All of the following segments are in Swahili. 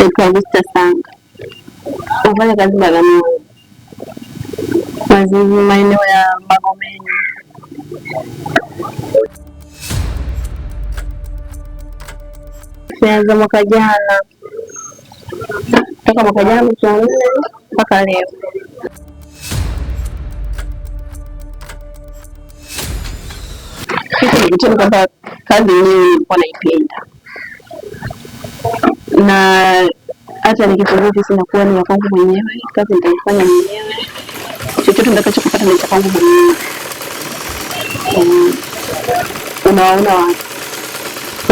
Dkt. Agusta Sanga hufanya kazi Bagamoyo, Mazizi, maeneo ya Magomeni. Tumeanza mwaka jana, toka mwaka jana mwezi wa nne mpaka leo. Kitu ni kwamba kazi yenyewe nilikuwa naipenda na hata sina kuwa ni ya kwangu mwenyewe, kazi nitaifanya mwenyewe, chochote nitakacho kupata ni cha kwangu mwenyewe. Um, unawaona watu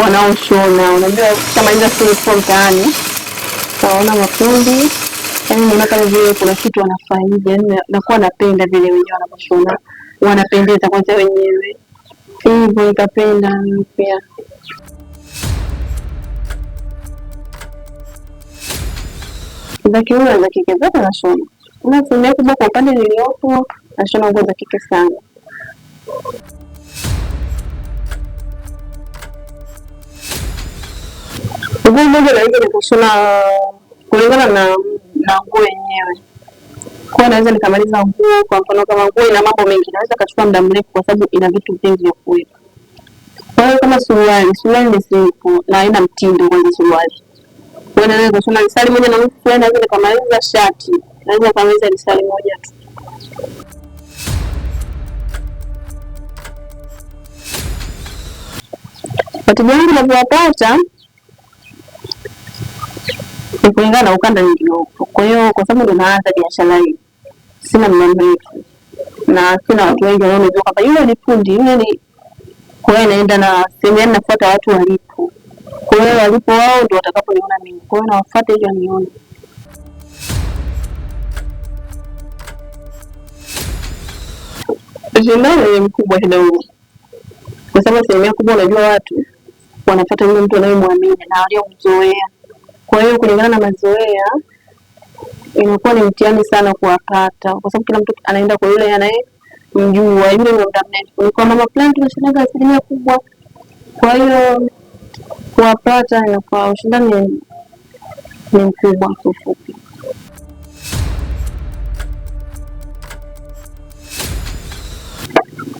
wanaoshona, unajua kamaliza skuli kuwa mtaani waona mafundi yani, naona kama vile kuna kitu wanafaidi, yani nakuwa napenda vile wenyewe wanavyoshona, wanapendeza kwanza wenyewe, hivyo nikapenda pia za kiume na za kike zote nashona, na asilimia kubwa kwa upande niliopo nashona nguo za kike sana. Nguo moja naweza nikushona kulingana na nguo yenyewe kwa naweza nikamaliza nguo. Kwa mfano kama nguo ina mambo mengi, naweza kachukua muda mrefu, kwa sababu ina vitu vingi vya kuweka. Kwa hiyo kama suruali, suruali ni simple na haina mtindo kwenye suruali kwa hiyo naweza risali moja na nusu fulani naweza nikamaliza shati, naweza nikamaliza risali moja tu. Wateja wangu navyowapata ni kulingana na ukanda niliopo. Kwa hiyo kwa sababu ndo naanza biashara hii, sina muda mrefu na sina watu wengi wanaonijua kwamba yule ni fundi yule ni, kwa hiyo naenda na sehemu, yaani nafuata watu walipo wewe walipo wao ndio watakaponiona mimi. Kwa hiyo nawafuata hivyo nione. Ushindani ni mkubwa kidogo, kwa sababu asilimia kubwa, unajua watu wanafuata yule mtu anayemwamini na mzoea Kwa hiyo kulingana na mazoea inakuwa ni mtihani sana kuwapata, kwa sababu kila mtu anaenda kwa yule anayemjua, yule ndo mda mrefu. Kwa mama fulani tunashindaga asilimia kubwa, kwa hiyo kuwapata na kwa ushindani ni mkubwa kufupi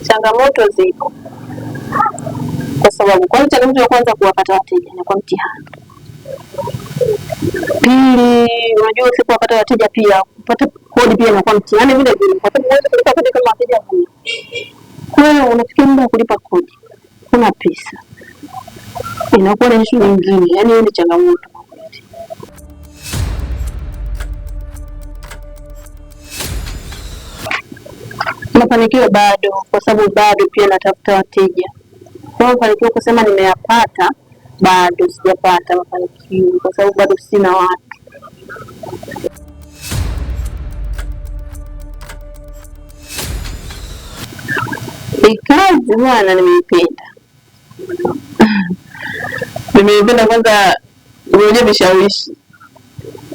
Changamoto zipo kwa sababu, kwanza changamoto ya kwanza kuwapata wateja na kwa mtihani. Pili, unajua si kuwapata wateja pia kupata kodi pia na kwa mtihani yaani vile vile, kwa sababu unaweza kulipa kodi kama wateja huna. Kwa hiyo unafikia muda wa kulipa kodi, kuna pesa inakuwa na ishu nyingine, yaani hiyo ni changamoto. Mafanikio bado, kwa sababu bado pia natafuta wateja. Kwa mafanikio kusema nimeyapata, bado sijapata mafanikio kwa sababu bado sina watu. Ikazi bwana, nimeipenda nimeipenda kwanza, mwenyewe vishawishi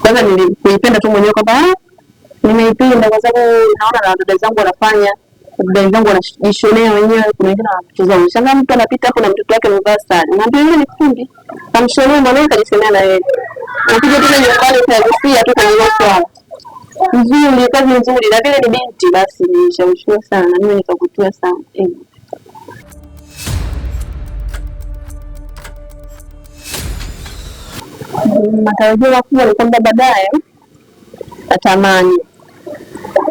kwanza, nilipenda tu mwenyewe kwamba ah, nimeipenda kwa sababu naona na dada zangu wanafanya, dada zangu wanajishonea wenyewe, kuna wengine wanacheza ushanga, mtu anapita hapo na mtoto wake amevaa sare, na ndio yule ni fundi, amshonea mwanao kajishonea na yeye, nakuja tena nyumbani utagusia tu kwenye hiyo swala nzuri, kazi nzuri, na vile ni binti, basi nishawishiwa sana, mimi nikavutia sana eh. matarajio makubwa ni kwamba baadaye atamani.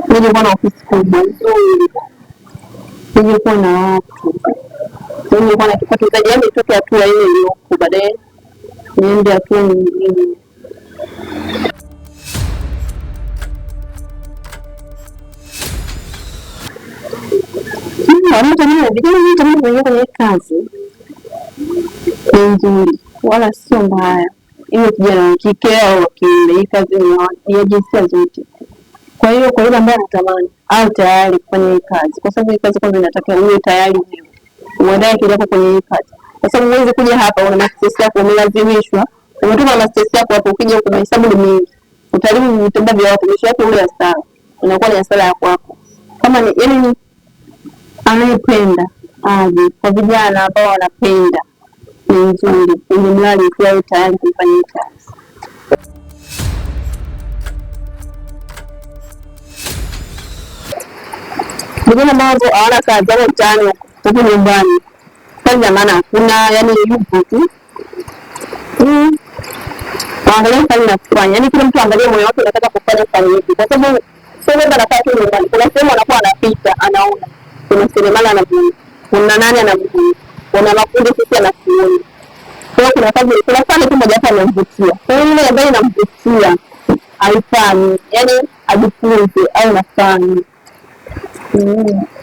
nije kuwa na ofisi kubwa nzuri, nije na watu, nije kuwa na kipato zaidi, yaani nitoke hatua hiyo iliyoko, baadaye niende hatua nyingine. Wanaotamani vijana kwenye kazi ni nzuri, wala sio mbaya iwe kijana wa kike au wa kiume. Hii kazi ni ya jinsia zote. Kwa hiyo kwa yule ambaye anatamani au tayari kufanya hii kazi, kwa sababu hii kazi kwanza inatakiwa uwe tayari wewe uandae kile yako kwenye hii kazi, kwa sababu huwezi kuja hapa una masters yako umelazimishwa, umetoka na masters yako hapo, ukija kwa hesabu ni mingi, utaribu vitenda vya watu, watumishi wako, ule hasara inakuwa ni hasara ya kwako. Kama ni yani, anayependa aje, kwa vijana ambao wanapenda ni nzuri, ili mradi tuwawe tayari kumfanyia kazi. Wengine ambao hawana kazi hapo mtaani huku nyumbani, kazi maana hakuna, yani yupo tu waangalia hmm. kazi na kufanya, yani kila mtu angalie moyo wake unataka kufanya kazi ipi, kwa sababu sio kwamba anakaa tu nyumbani. Kuna sehemu anakuwa anapita, anaona kuna seremala anamjui, kuna nani anamjui, kuna makundi sisi anaf kuna kazi, kuna fani tu moja hapo inamvutia. Kwa hiyo ile ambayo inamvutia aifanyi, yaani ajifunze au nafani mm.